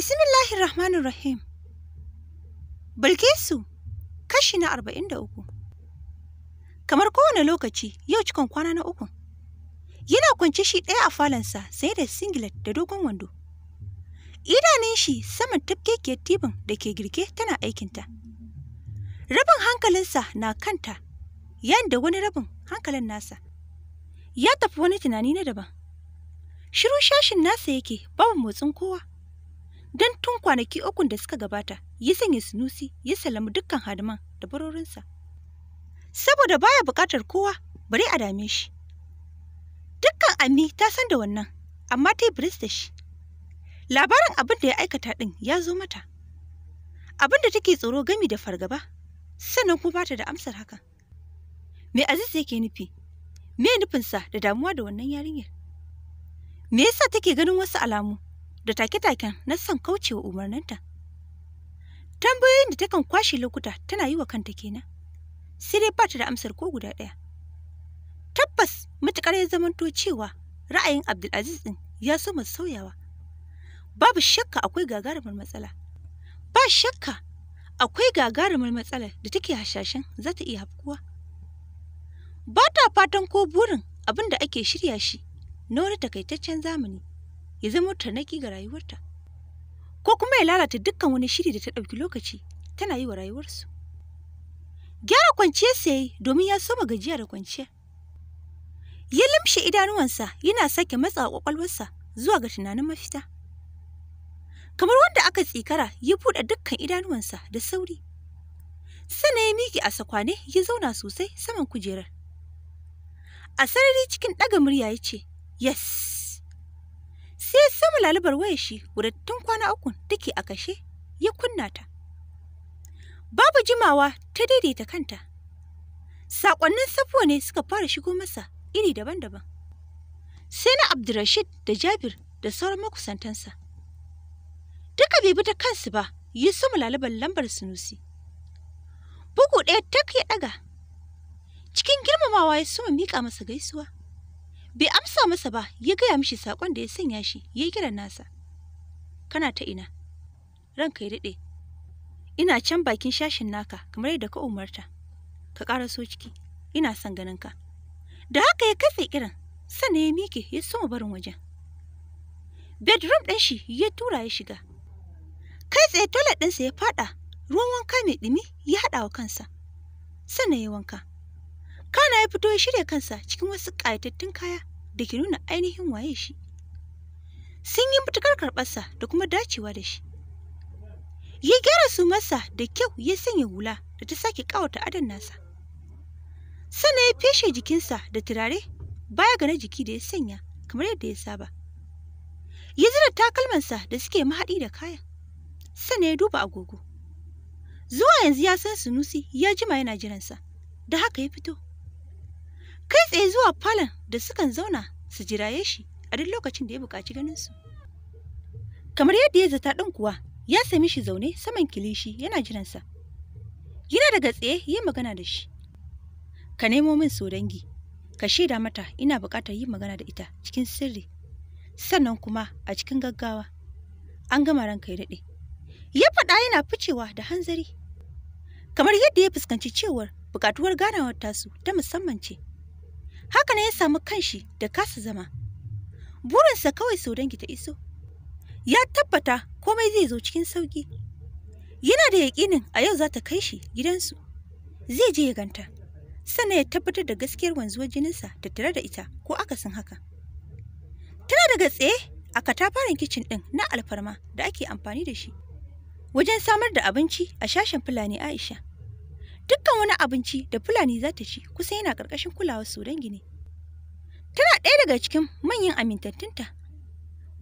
Bismillahir Rahmanir Rahim. Bilkisu, kashi na arba'in da uku. Kamar kowane lokaci, yau cikon kwana na uku. Yana kwance shi ɗaya a falonsa sai da singlet da dogon wando. Idanun shi saman tafkekiyar tibin da ke girke tana aikinta. Rabin hankalinsa na kanta, yanda wani rabin hankalin nasa. Ya tafi wani tunani na daban. Shiru shashin nasa yake babu motsin kowa. don tun kwanaki ukun da suka gabata ya sanya sinusi ya salamu dukkan hadiman da barorinsa saboda baya bukatar kowa bari a dame shi dukkan ami ta san da wannan amma ta yi da shi labarin abin da ya aikata ɗin ya zo mata abin da take tsoro gami da fargaba sannan kuma bata da amsar hakan me aziz yake nufi me nufinsa da damuwa da wannan yarinyar me yasa take ganin wasu alamu da take-taken na son kaucewa umarninta. Tambayoyin da takan kwashe lokuta tana yi wa kanta kenan, sai dai ba ta da amsar ko guda ɗaya. Tabbas matuƙar ya zamanto cewa ra'ayin Abdulaziz ɗin ya so masu sauyawa. Babu shakka akwai gagarumar matsala. Ba shakka akwai gagarumar matsala da take hashashen za ta iya hafkuwa. Ba ta fatan ko burin abin da ake shirya shi na wani takaitaccen zamani ya zama tarnaki ga rayuwarta ko kuma ya lalata dukkan wani shiri da ta ɗauki lokaci tana yi wa rayuwarsu gyara kwanciya sai domin ya soma gajiya da kwanciya ya limshe idanuwansa yana sake matsawa kwakwalwarsa zuwa ga tunanin mafita kamar wanda aka tsikara ya buɗe dukkan idanuwansa da sauri sannan ya miƙe a sakwane ya zauna sosai saman kujerar a sarari cikin ɗaga murya ya ce yes sai sama lalubar waya shi wadda kwana uku take a kashe ya kunna ta. Babu jimawa ta daidaita kanta. Saƙonnin safuwa ne suka fara shigo masa iri daban-daban. Sai na Abdurrashid da Jabir da sauran makusantansa. Duka bai bi ta kansu ba, yi sama lalubar lambar sunusi. Bugu ɗaya ta ya ɗaga. Cikin girmamawa ya suma miƙa masa gaisuwa. bai amsa masa ba ya gaya mishi saƙon da ya sanya shi ya yi kiran nasa kana ta ina ranka ya daɗe ina can bakin shashin naka kamar yadda ka umarta ka ƙara so ciki ina son ganin ka da haka ya katse kiran sannan ya mike ya soma barin wajen bedroom ɗin shi ya tura ya shiga kai tsaye toilet ɗinsa ya faɗa ruwan wanka mai ɗumi ya haɗa wa kansa sannan ya wanka Kana ya fito ya shirya kansa cikin wasu ƙayatattun kaya da ke nuna ainihin waye shi. Sun yi matuƙar karɓarsa da kuma dacewa da shi. Ya gyara su masa da kyau ya sanya hula da ta sake ƙawata adon nasa. Sannan ya feshe jikinsa da turare baya ga na jiki da ya sanya kamar yadda ya saba. Ya zira takalmansa da suke mahaɗi da kaya. Sannan ya duba agogo. Zuwa yanzu ya san Sunusi ya jima yana jiransa, da haka ya fito. kai tsaye zuwa falon da sukan zauna su jiraye shi a duk lokacin da ya buƙaci ganinsu. Kamar yadda ya zata ɗin kuwa ya sami shi zaune saman kilishi yana jiransa. Yana daga tsaye ya magana da shi. Ka nemo min so dangi, ka shaida mata ina buƙatar yin magana da ita cikin sirri, sannan kuma a cikin gaggawa. An gama ranka ya daɗe. Ya faɗa yana ficewa da hanzari. Kamar yadda ya fuskanci cewar buƙatuwar ganawar tasu ta musamman ce. haka ne ya samu kanshi da kasa zama burinsa kawai sau dangi ta iso ya tabbata komai zai zo cikin sauki yana da yaƙinin a yau za ta kai shi gidansu zai je ya ganta sannan ya tabbatar da gaskiyar wanzuwar jininsa tare da ita ko akasin haka tana daga tsaye a katafaren kicin ɗin na alfarma da ake amfani da shi wajen samar da abinci a shashen fulani aisha Dukkan wani abinci da Fulani za ta ci kusa yana ƙarƙashin kulawar Sudangi ne. Tana ɗaya daga cikin manyan amintattunta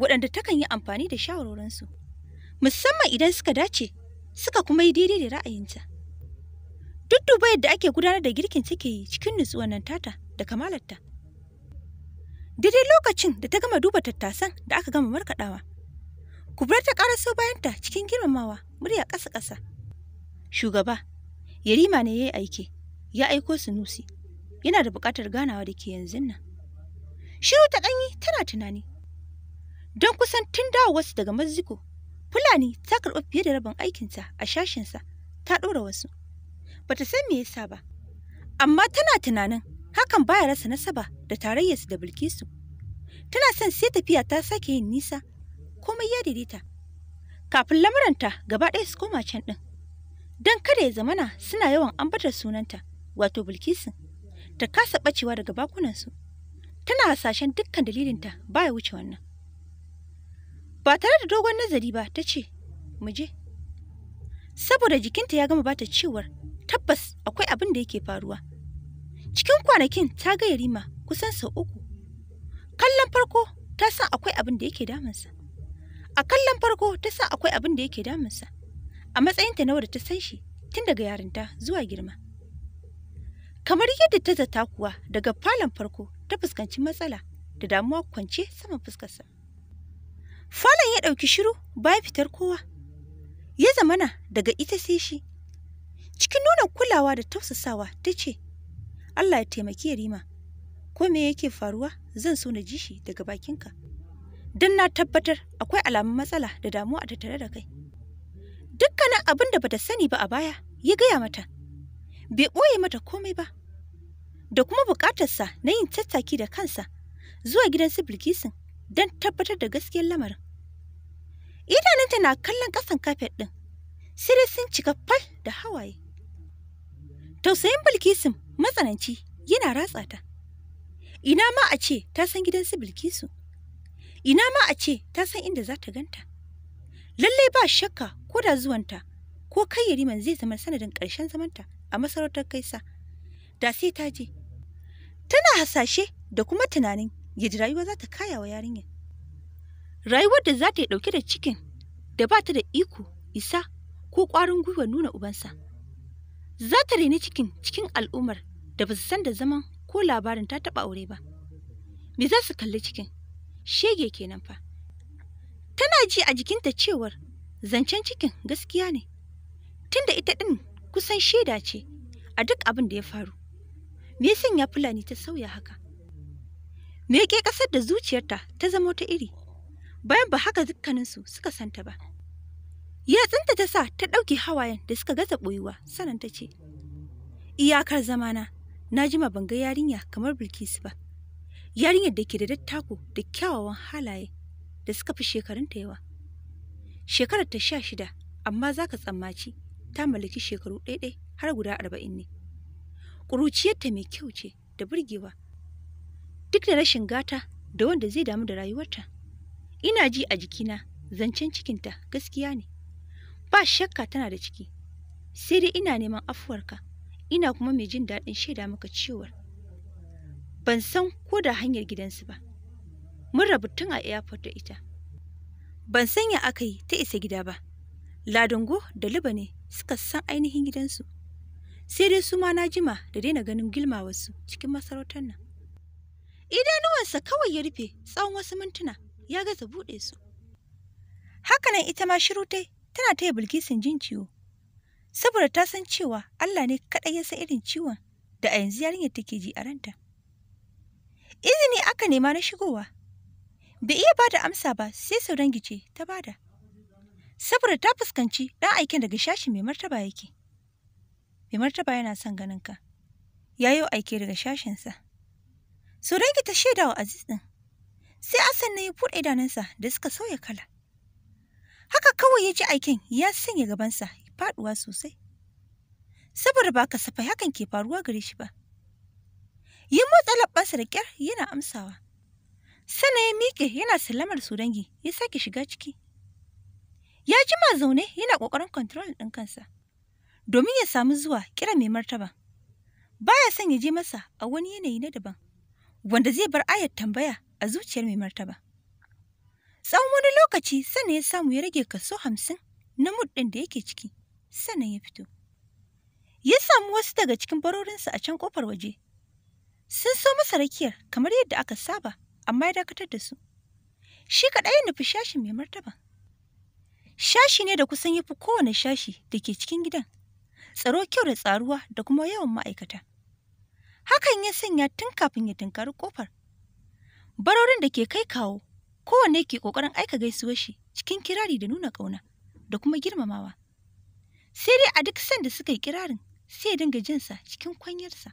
waɗanda takan yi amfani da shawarorinsu, musamman idan suka dace suka kuma yi daidai da ra'ayinta. Duk duba yadda ake gudanar da girkin take yi cikin nutsuwar nan tata da kamalarta. Daidai lokacin da ta gama duba tattasan da aka gama markaɗawa, kubrar ta so bayanta cikin girmamawa murya ƙasa-ƙasa. Shugaba, Yarima ne ya yi aike, ya aiko Sunusi, yana da buƙatar ganawa da ke yanzu nan. Shiru ta ɗanyi tana tunani. Don kusan tun wasu daga mazziko Fulani ta karɓi fiye da rabin aikinta a shashinsa ta ɗora wasu. Bata san me yasa ba, amma tana tunanin hakan baya rasa nasaba da tarayyarsu da Bilkisu. Tana son sai tafiya ta sake yin nisa, komai ya daidaita. Kafin lamuranta gaba ɗaya su koma can ɗin. don kada ya zamana suna yawan ambatar sunanta wato bilkisu ta kasa bacewa daga bakunansu tana hasashen dukkan dalilinta ba ya wuce wannan ba tare da dogon nazari ba ta ce mu je saboda jikinta ya gama bata cewar tabbas akwai abin da yake faruwa cikin kwanakin ta ga yarima kusan sau uku kallon farko ta san akwai abin da yake damunsa a kallon farko ta san akwai abin da yake damunsa a matsayinta na wadda ta san shi tun daga yarinta zuwa girma. Kamar yadda ta zata kuwa daga falon farko ta fuskanci matsala da damuwa kwance saman fuskarsa. Falon ya ɗauki shiru bayan fitar kowa. Ya zamana daga ita sai shi. Cikin nuna kulawa da tausasawa ta ce, Allah ya taimaki Yarima, ko me yake faruwa zan so na ji shi daga bakinka. Don na tabbatar akwai alamun matsala da damuwa a tare da kai. dukkanin abin da bata sani ba a baya ya gaya mata bai ɓoye mata komai ba da kuma buƙatarsa na yin tattaki da kansa zuwa gidan su bilkisin don tabbatar da gaskiyar lamarin idanunta na kallon ƙasan kafet ɗin sai dai sun cika fal da hawaye tausayin bilkisin matsananci yana ratsa ta ina ma a ce ta san gidan su bilkisu ina ma a ce ta san inda za ta ganta Lallai ba shakka ko da zuwanta ko kai yariman zai zama sanadin ƙarshen zamanta a masarautar kaisa. Da sai ta je. Tana hasashe da kuma tunanin yaji rayuwa za ta kaya wa yarinyar. Rayuwar da za ta yi ɗauke da cikin da ba ta da iko, isa ko ƙwarin gwiwa nuna ubansa. Za ta reni cikin cikin al'ummar da ba su san da zaman ko labarin ta taɓa aure ba. Me za su kalli cikin? Shege kenan fa. Tana ji a jikinta cewar zancen cikin gaskiya ne, tunda ita ɗin kusan shaida ce a duk abin da ya faru. Me ya Fulani ta sauya haka? Me ke ƙasar da zuciyarta ta zama ta iri, bayan ba haka dukkaninsu suka santa ba. Yatsunta ta sa ta ɗauke hawayen da suka gaza ɓoyuwa sanan ta ce, Iyakar zamana, na jima ban ga yarinya kamar Bilkisu ba. Yarinyar da ke da dattako da kyawawan halaye da suka fi shekarunta yawa shekarar ta sha shida amma za ka tsammaci ta mallaki shekaru ɗaiɗai har guda arba'in ne ƙuruciyarta mai kyau ce da burgewa duk da rashin gata da wanda zai damu da rayuwarta ina ji a jikina zancen cikinta gaskiya ne ba shakka tana da ciki sai dai ina neman afuwarka ina kuma mai jin daɗin shaida maka cewar ban san ko da hanyar gidansu ba mun rabu tun a airport da ita ban sanya aka yi ta isa gida ba ladungo da liba ne suka san ainihin gidansu sai dai su ma na jima da daina ganin gilma wasu cikin masarautar nan idanuwansa kawai ya rufe tsawon wasu mintuna ya gaza buɗe su hakanan ita ma shiru shirutai tana taya bilkisin jin ciwo saboda ta san cewa allah ne kaɗai ya san irin ciwon da a yanzu yarinyar take ji a ranta izini aka nema na shigowa bai iya ba da amsa ba sai su ce ta bada saboda ta fuskanci ɗan aiken daga shashi mai martaba yake mai martaba yana son ganin ka Ya yi aike daga shashinsa su rangi ta shaida wa aziz ɗin sai asan na ya buɗe idanunsa da suka sauya kala haka kawai ya ji aikin ya sanya gabansa faɗuwa sosai saboda ba kasafai hakan ke faruwa gare shi ba yin motsa labbansa da kyar yana amsawa sana ya miƙe yana sallamar su dangi ya sake shiga ciki. Ya jima zaune yana ƙoƙarin kontrol ɗin kansa. Domin ya samu zuwa kira mai martaba. Baya son ya je masa a wani yanayi na daban. Wanda zai bar ayar tambaya a zuciyar mai martaba. Tsawon wani lokaci sana ya samu ya rage kaso hamsin na mud ɗin da yake ciki. Sannan ya fito. Ya samu wasu daga cikin barorinsa a can ƙofar waje. Sun so masa rakiyar kamar yadda aka saba. amma ya dakatar da su. Shi kaɗai ya nufi shashi mai martaba. Shashi ne da kusan ya fi kowane shashi da ke cikin gidan, tsaro kyau da tsaruwa da kuma yawan ma'aikata. Hakan ya sanya tun kafin ya tunkari ƙofar. Barorin da ke kai kawo, kowanne ke ƙoƙarin aika gaisuwar shi cikin kirari da nuna ƙauna da kuma girmamawa. Sai dai a duk sanda suka yi kirarin sai ya dinga jinsa cikin kwanyarsa.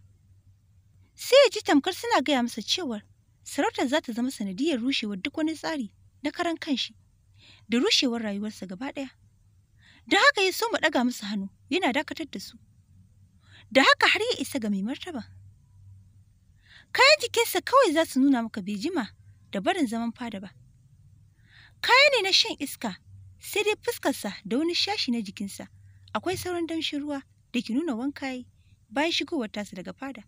Sai ya ji tamkar suna gaya masa cewar sarautar za ta zama sanadiyar rushewar duk wani tsari na karan kanshi da rushewar rayuwarsa gaba ɗaya. Da haka ya so mu ɗaga musu hannu yana dakatar da su. Da haka har ya isa ga mai martaba. Kayan jikinsa kawai za su nuna maka bai jima da barin zaman fada ba. Kaya ne na shan iska sai dai fuskarsa da wani shashi na jikinsa akwai sauran damshin ruwa da ke nuna wanka bayan shigowar tasa daga fada.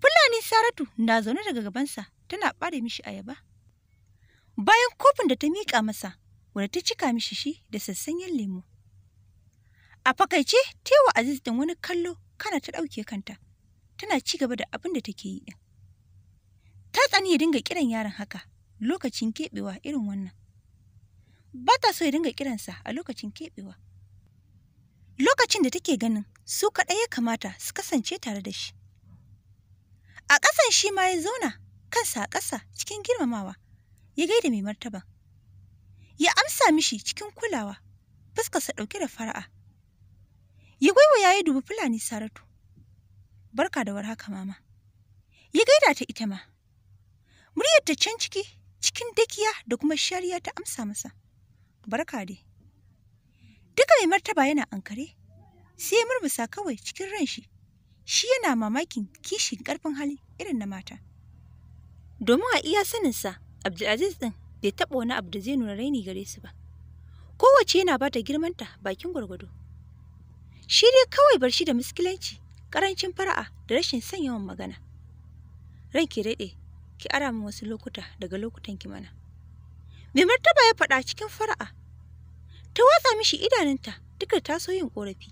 Fulani Saratu na zaune daga gabansa tana ɓare mishi ayaba. Bayan kofin da ta miƙa masa, wadda ta cika mishi shi da sassanyen lemu. A fakaice, Tewa Aziz ɗin wani kallo kana ta ɗauke kanta, tana ci gaba da abin da take yi ɗin. Ta tsani ya dinga kiran yaron haka lokacin keɓewa irin wannan. Ba ta so ya dinga kiransa a lokacin keɓewa. Lokacin da take ganin su kaɗai ya kamata su kasance tare da shi. A ƙasan shi ma ya zauna kansa a ƙasa cikin girmamawa, ya gaida mai martaba. Ya amsa mishi cikin kulawa, fuskarsa ɗauke da fara'a. Ya gwaiwa ya yi dubu Fulani Saratu. Barka da warhaka mama. Ya gaida ta ita ma. Muryar ta can ciki, cikin dakiya da kuma shariya ta amsa masa. Barka dai. Duka mai martaba yana ankare, sai ya murmusa kawai cikin ran shi. shi yana mamakin kishin ƙarfin hali irin na mata. Domin a iya saninsa, Abdulaziz ɗin bai taɓa wani abu da zai nuna raini gare su ba. Kowace yana ba ta girmanta bakin gwargwado. Shi dai kawai bar shi da miskilanci, ƙarancin fara'a da rashin son yawan magana. Ran ki daɗe, ki ara min wasu lokuta daga lokutan ki mana. Mai martaba ya faɗa cikin fara'a. Ta watsa mishi idanunta duka ta so yin ƙorafi,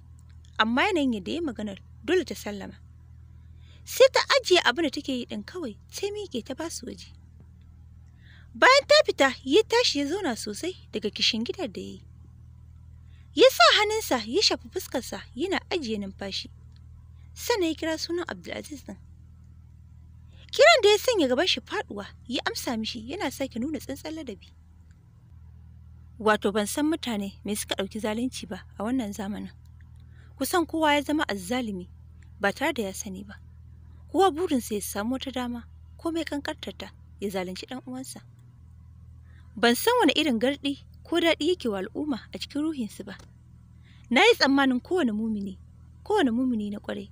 amma yanayin yadda ya maganar dole ta sallama sai ta ajiye abin da take yi din kawai sai miƙe ta basu waje bayan ta fita ya tashi ya zauna sosai daga kishin gidan da ya yi ya sa hannunsa ya shafi fuskarsa yana ajiye numfashi sannan ya kira sunan abdulaziz din kiran da ya sanya gaban shi faɗuwa, ya amsa mishi yana sake nuna tsantsan ladabi wato ban san mutane me suka ɗauki zalunci ba a wannan zamanin kusan kowa ya zama azzalimi ba tare da ya sani ba kowa burinsa ya samu wata dama komai kankantarta ya zalunci ɗan uwansa ban san wani irin gardi ko daɗi yake wa al'umma a cikin ruhinsu ba na yi tsammanin kowane mumini kowane mumini na kwarai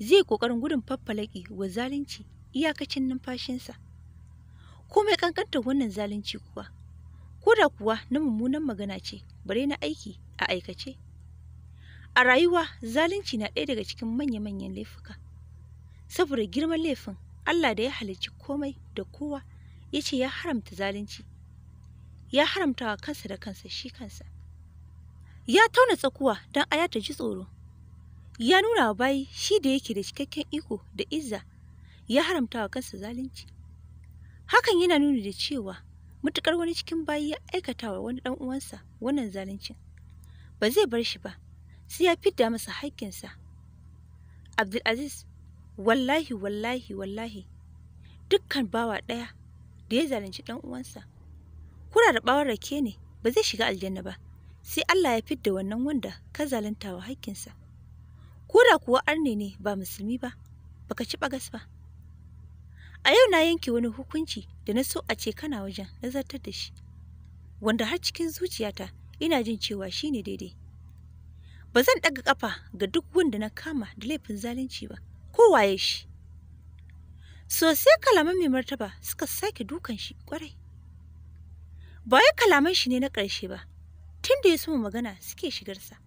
zai ƙoƙarin gudun faffalaki wa zalunci iyakacin numfashinsa komai kankantar wannan zalunci kuwa ko da kuwa na mummunan magana ce bare na aiki a aikace A rayuwa, zalunci na ɗaya daga cikin manya-manyan laifuka. Saboda girman laifin, Allah da ya halicci komai da kowa ya ce ya haramta zalunci. Ya haramta wa kansa da kansa shi kansa. Ya tauna tsakuwa don aya ta ji tsoro. Ya nuna wa bayi shi da yake da cikakken iko da izza. Ya haramta wa kansa zalunci. Hakan yana nuni da cewa matukar wani cikin bayi ya aikata wa wani ɗan uwansa wannan zalunci ba zai bar shi ba sai ya fidda masa haƙƙinsa abdulaziz wallahi wallahi wallahi dukkan bawa ɗaya da ya zalunci ɗan uwansa kura da ɓawar rake ne ba zai shiga aljanna ba sai Allah ya fidda wannan wanda ka zalunta wa haƙƙinsa kura kuwa arne ne ba musulmi ba baka ci bagas ba a yau na yanke wani hukunci da na so a ce kana wajen nazartar da shi wanda har cikin zuciyata ina jin cewa shi ne daidai ba zan ɗaga ƙafa ga duk wanda na kama da laifin zalunci ba ko waye shi sosai kalaman mai martaba suka sake dukan shi kwarai ba wai kalaman shi ne na ƙarshe ba tun da ya so magana suke shigar sa.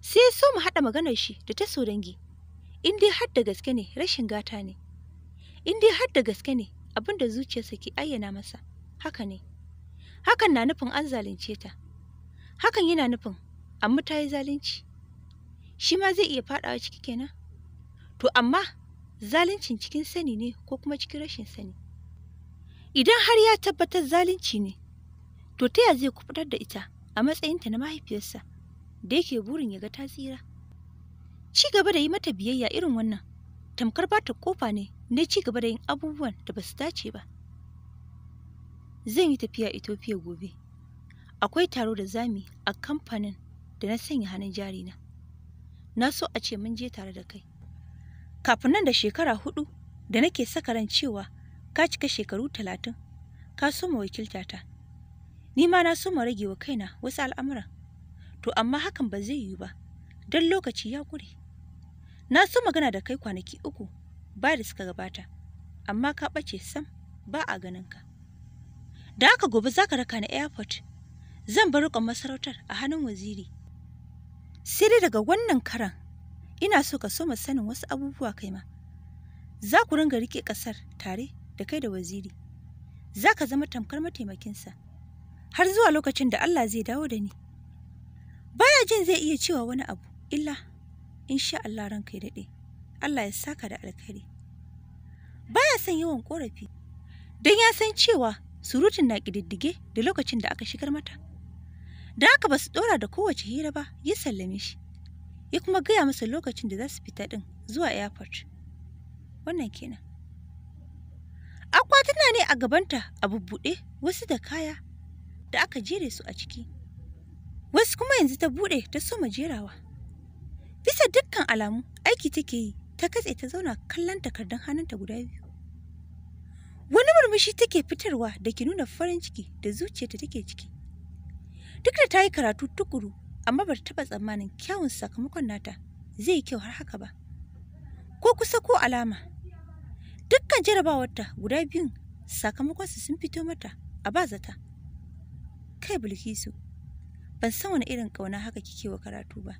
sai ya so mu haɗa maganar shi da ta so dangi in dai har da gaske ne rashin gata ne in dai har da gaske ne abin da zuciyarsa ke ayyana masa haka ne hakan na nufin an zalunce ta hakan yana nufin amma ta yi zalunci shi ma zai iya faɗawa ciki kenan to amma zaluncin cikin sani ne ko kuma cikin rashin sani idan har ya tabbatar zalunci ne to ta zai kufutar da ita a matsayinta na mahaifiyarsa da yake burin ya ga ta tsira ci gaba da yi mata biyayya irin wannan tamkar ba ta kofa ne na ci gaba da yin abubuwan da ba su dace ba zan yi tafiya ethiopia gobe akwai taro da zami a kamfanin da na sanya hannun jari na na so a ce mun je tare da kai kafin nan da shekara hudu da nake saka ran cewa ka cika shekaru talatin ka soma wakiltata. ni ma na soma rage wa kaina wasu al'amuran to amma hakan ba zai yiwu ba don lokaci ya kure. na so magana da kai kwanaki uku ba da suka gabata amma ka ɓace sam ba a ganin ka da aka gobe za ka raka ni airport zan bar riƙon masarautar a hannun waziri sai dai daga wannan karan ina so ka so sanin wasu abubuwa kai ma za ku ringa rike ƙasar tare da kai da waziri za ka zama tamkar mataimakinsa har zuwa lokacin da Allah zai dawo da ni baya jin zai iya cewa wani abu illa in sha Allah ranka ya daɗe Allah ya saka da alkhairi baya son yawan ƙorafi. don ya san cewa surutun na ƙididdige da lokacin da aka shigar mata da haka ba su ɗora da kowace hira ba ya sallame shi ya kuma gaya masa lokacin da za su fita ɗin zuwa airport wannan kenan akwatuna ne a gabanta a bubbuɗe wasu da kaya da aka jere su a ciki wasu kuma yanzu ta buɗe ta soma jerawa bisa dukkan alamu aiki take yi ta katse ta zauna kallon takardun hannunta guda biyu wani murmushi take fitarwa da ke nuna farin ciki da zuciyarta take ciki Duk da ta yi karatu tukuru, amma ba ta taɓa tsammanin kyawun sakamakon nata zai yi kyau har haka ba. Ko kusa ko alama. Dukkan jarabawarta guda biyun sakamakonsu sun fito mata a ba zata. Kai Bilkisu, ban san wani irin ƙauna haka kike wa karatu ba.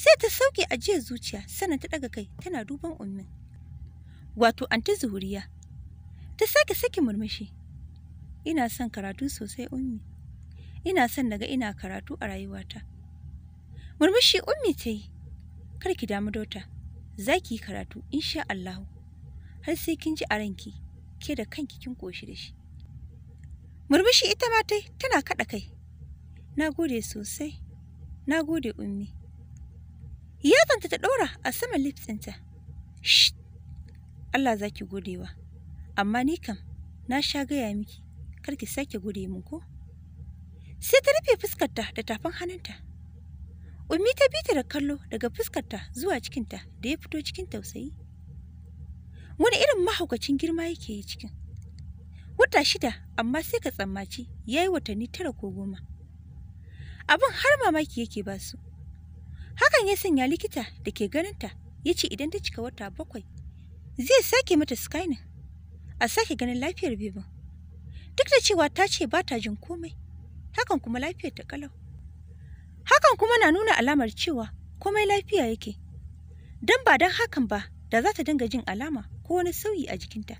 Sai ta sauke ajiyar zuciya sannan ta ɗaga kai tana duban ummin. Wato anti zuhuriya. Ta sake sake murmushi. Ina son karatu sosai ummi. ina son naga ina karatu a rayuwata murmushi ummi ta yi kar ki damu dota za ki yi karatu insha Allah har sai kin ji a ranki ke da kanki kin koshi da shi murmushi ita ma yi tana kaɗa kai na gode sosai na gode ummi Ya yatanta ta ɗora a saman lipsinta shi Allah za ki godewa amma ni kam na sha gaya miki kar ki sake gode min ko sai ta rufe fuskarta da tafin hannunta. Ummi ta bi ta da kallo daga fuskarta zuwa cikinta da ya fito cikin tausayi. Wani irin mahaukacin girma yake yi cikin. Wata shida amma sai ka tsammaci ya yi watanni tara ko goma. Abin har mamaki yake ba su. Hakan ya sanya likita da ke ganinta ya ce idan ta cika wata bakwai zai sake mata scanning a sake ganin lafiyar bebin. Duk da cewa ta ce ba ta jin komai, hakan kuma lafiyar ta kalau hakan kuma na nuna alamar cewa komai lafiya yake Dan ba dan hakan ba da za ta dinga jin alama ko wani sauyi a jikinta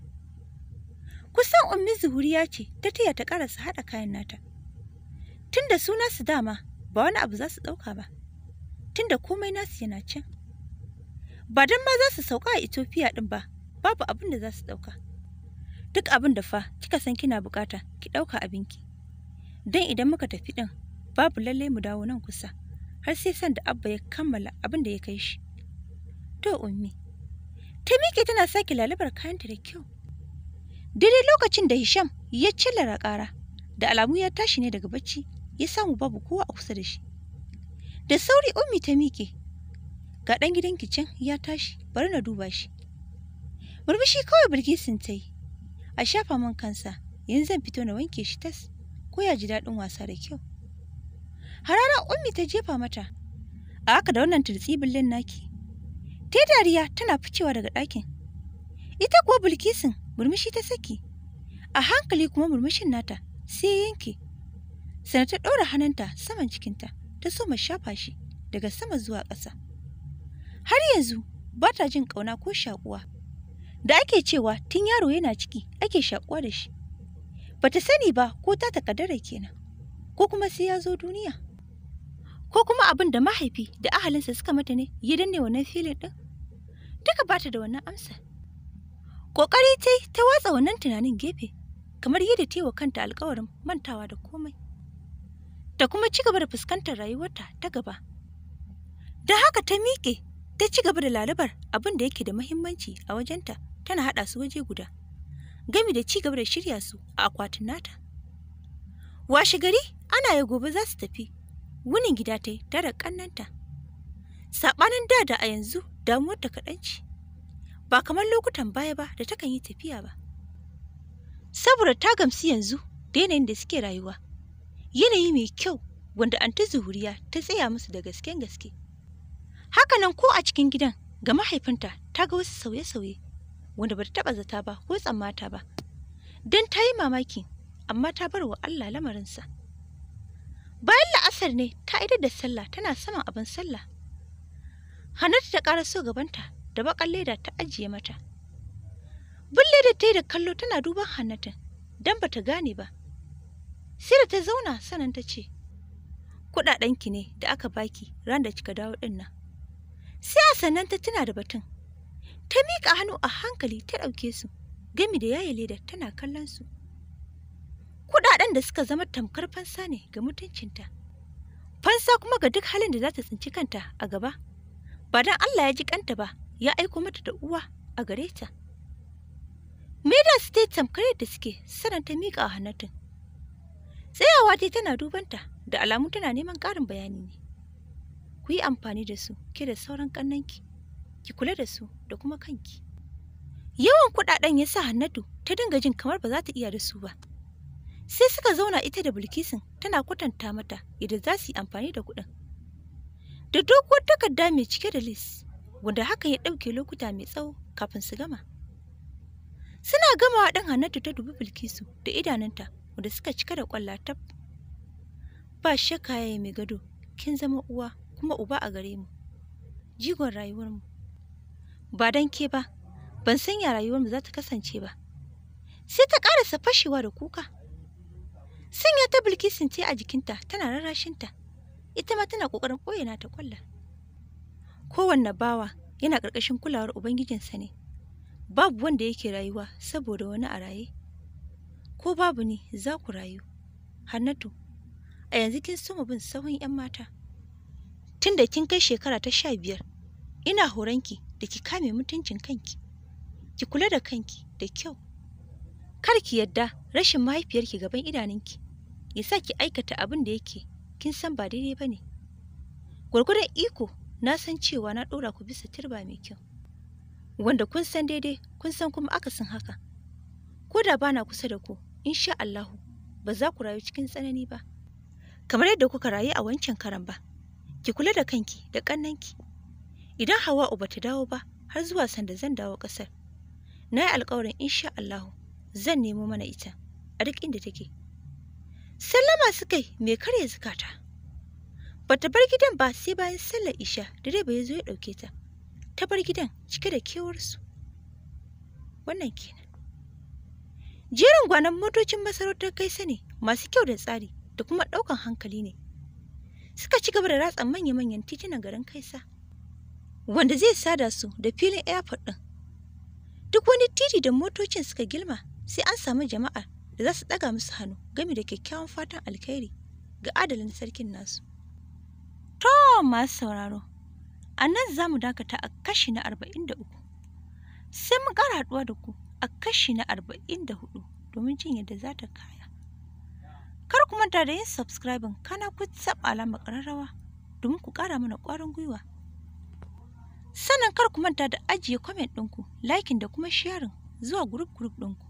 kusan ummi zuhuriya ce ta taya ta karasa haɗa kayan nata tunda da suna su dama ba wani abu za su ɗauka ba tunda komai nasu yana can ba dan ma za su sauka a Ethiopia din ba babu abin da za su ɗauka duk abin da fa kika san kina bukata ki ɗauka abinki don idan muka tafi ɗin babu lallai mu dawo nan kusa har sai sanda abba ya kammala abin da ya kai shi to ummi ta miƙe tana sake lalabar kayanta da kyau daidai lokacin da hisham ya cillara ƙara da alamu ya tashi ne daga bacci ya samu babu kowa a kusa da shi da sauri ummi ta miƙe ga ɗan gidan kicin ya tashi bari na duba shi murmushi kawai bilkisin ta yi a shafa man kansa yanzu zan fito na wanke shi tas ko ya ji daɗin wasa da kyau harara ummi ta jefa mata a haka da wannan turtsibillin naki ta dariya tana ficewa daga ɗakin ita kuwa bulkisin murmushi ta saki a hankali kuma murmushin nata sai ya yanke sana ta ɗora hannunta saman cikinta ta so ma shafa shi daga sama zuwa ƙasa har yanzu ba ta jin ƙauna ko shaƙuwa da ake cewa tun yaro yana ciki ake shaƙuwa da shi bata sani ba ko ta takaddara kenan ko kuma sai ya zo duniya ko kuma abin da mahaifi da ahalinsa suka mata ne ya danne wannan filin ɗin duka ba ta da wannan amsa ƙoƙari ta ta watsa wannan tunanin gefe kamar yadda ta yi wa kanta alkawarin mantawa da komai ta kuma ci gaba da fuskantar rayuwarta ta gaba da haka ta miƙe ta ci gaba da lalubar abin da yake da muhimmanci a wajenta tana haɗa su waje guda gami da ci gaba da shirya su a akwatin nata. Washe gari ana ya gobe za su tafi, wunin gida ta yi tare ƙannanta. Saɓanin da da a yanzu damuwar ta kaɗan ba kamar lokutan baya ba da takan yi tafiya ba. Saboda ta gamsi yanzu da yanayin da suke rayuwa, yanayi mai kyau wanda ta zuhuriya ta tsaya musu da gasken gaske. Hakanan ko a cikin gidan ga mahaifinta ta ga wasu sauye-sauye wanda bata taba zata ba ko tsammata ba Dan tayi mamaki amma ta bar wa Allah sa bayan la'asar ne ta idar da sallah tana saman abin sallah hannatu ta ƙara so gabanta da bakan leda ta ajiye mata bulle da ta yi da kallo tana duban Hannatu, dan bata gane ba sai da ta zauna sanan ta ce ki ne da aka baki ran da kika dawo ɗin nan sai a sannan ta tuna da batun ta miƙa hannu a hankali ta ɗauke su gami da yaye ledar tana kallon su kuɗaɗen da suka zama tamkar fansa ne ga mutuncinta fansa kuma ga duk halin da za ta tsinci kanta a gaba ba don allah ya ji kanta ba ya aiko mata da uwa a gare ta maida su tai tamkar yadda suke sanan ta miƙa a hannatin tsayawa dai tana dubanta da alamu tana neman ƙarin bayani ne ku yi amfani da su ke da sauran ƙannanki ki kula da su da kuma kanki. Yawan kuɗaɗen ya sa Hannatu ta dinga jin kamar ba za ta iya da su ba. Sai suka zauna ita da Bilkisun tana kwatanta mata idan za su yi amfani da kuɗin. Da doguwar takarda mai cike da lis, wanda haka ya ɗauke lokuta mai tsawo kafin su gama. Suna gamawa Dan Hannatu ta dubi Bilkisu da idanunta wanda suka cika da ƙwallatab. Ba shakka mai gado, kin zama uwa kuma uba a gare mu. Jigon rayuwarmu. ba don ke ba ban san ya mu za ta kasance ba sai ta ƙarasa fashewa da kuka ya ta bilkisin ce a jikinta tana rarrashinta ita ma tana ƙoƙarin koye na ta ƙwallon kowanne bawa yana ƙarƙashin kulawar ubangijinsa ne babu wanda yake rayuwa saboda wani a raye ko babu ne za ku rayu hannatu a yanzu kin soma bin sahun 'yan mata tun da kin kai shekara ta sha biyar ina horonki da ki kame mutuncin kanki ki kula da kanki da kyau kar ki yadda rashin mahaifiyarki gaban idanunki ya sa ki aikata abin da yake kin san ba daidai ba ne gwargwadon iko na san cewa na ɗora ku bisa turba mai kyau wanda kun san daidai kun san kuma akasin haka ko da bana kusa da ku insha Allahu ba za ku rayu cikin tsanani ba kamar yadda kuka rayu a wancan karan ba ki kula da kanki da ƙannanki idan hawa'u ba ta dawo ba har zuwa sanda zan dawo ƙasar na yi alƙawarin insha Allahu zan nemo mana ita a duk inda take sallama suka yi mai karya zukata ba ta bar gidan ba sai bayan sallar isha direba ya zo ya ɗauke ta ta bar gidan cike da kewarsu wannan kenan jerin gwanon motocin masarautar kai sani masu kyau da tsari da kuma ɗaukan hankali ne suka ci gaba da ratsa manya-manyan titunan garin kaisa wanda zai sada su da filin airport ɗin. Duk wani titi da motocin suka gilma sai an samu jama'a da za su ɗaga musu hannu game da kyakkyawan fatan alkhairi ga adalin sarkin nasu. To masu sauraro, a nan za mu dakata a kashi na arba'in da uku. Sai mu ƙara haɗuwa da ku a kashi na arba'in da hudu domin jin yadda za ta kaya. Kar ku manta da yin subscribing kana ku taɓa alamar ƙararrawa domin ku ƙara mana ƙwarin gwiwa. sannan kar ku manta da ajiye comment ɗinku liking da kuma sharing zuwa group group ɗinku